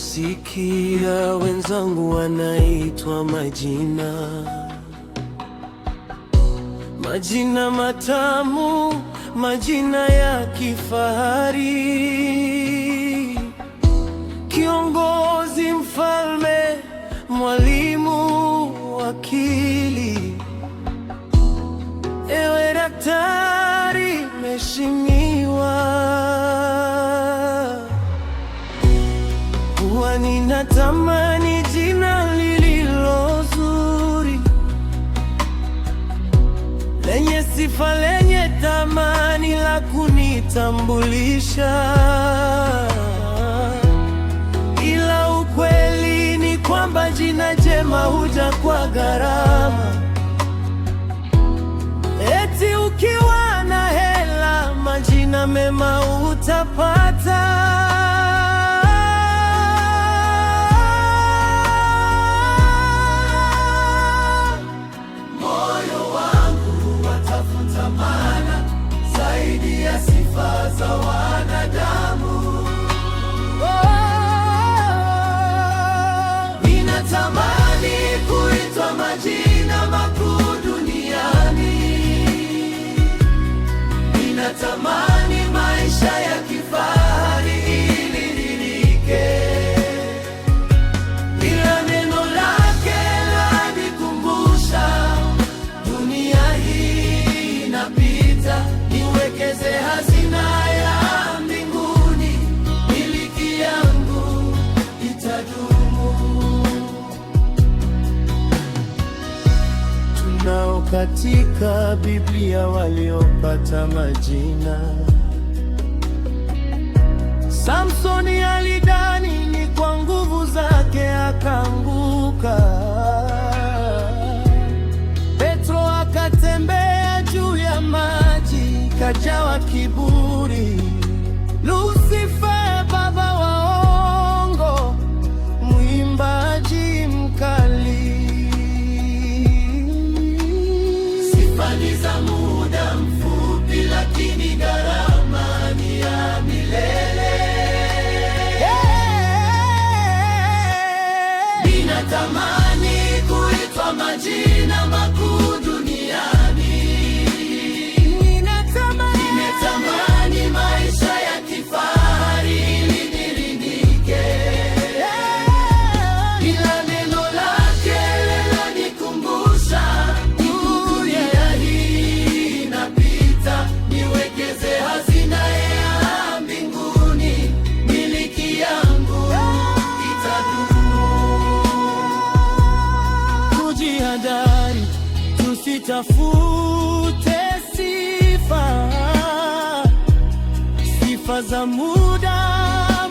Ninaposikia wenzangu wanaitwa majina, majina matamu, majina ya kifahari, kiongozi, mfalme, mwalimu, wakili, ewe daktari, mheshimiwa ninatamani jina lililo zuri, lenye sifa, lenye thamani, la kunitambulisha. Ila ukweli ni kwamba jina jema huja kwa gharama. Eti ukiwa na hela, majina mema utapata dhamana zaidi ya sifa za katika Biblia waliopata majina. Samsoni alidani ni kwa nguvu zake akaanguka. Petro akatembea juu ya maji kajawa kiburi. sifa, sifa za muda,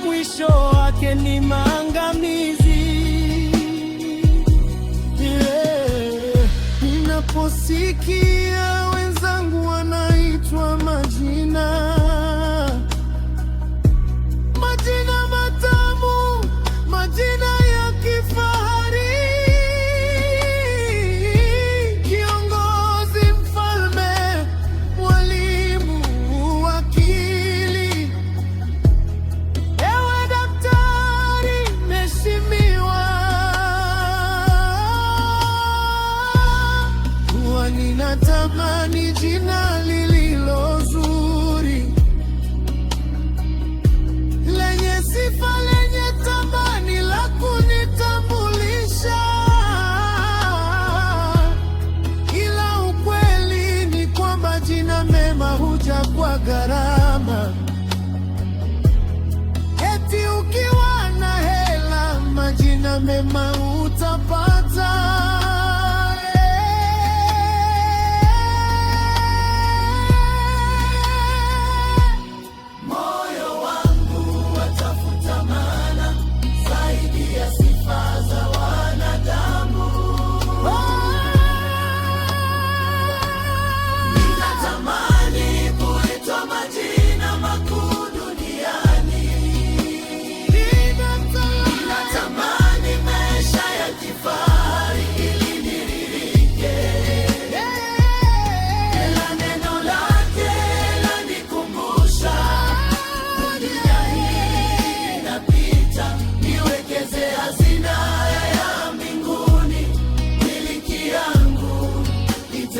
mwisho wake ni maangamizi. Yeah. Ninaposikia wenzangu wanaitwa majina mema utapata.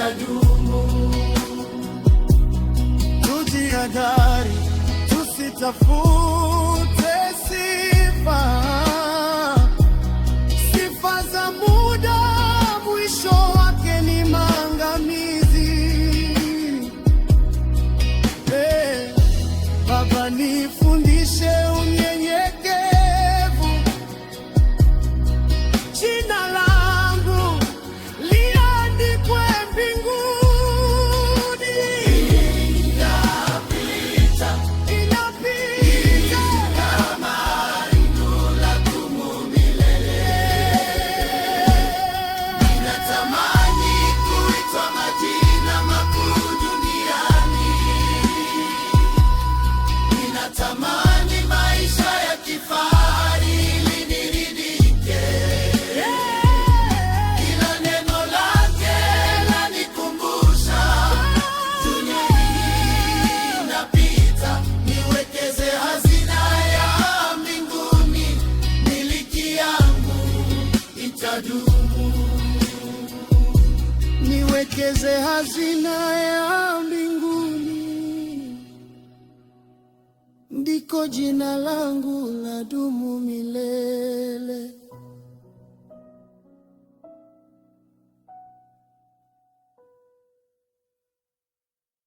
itadumu. Tujihadhari, tusitafute sifa ieleze hazina ya mbinguni, ndiko jina langu la dumu milele.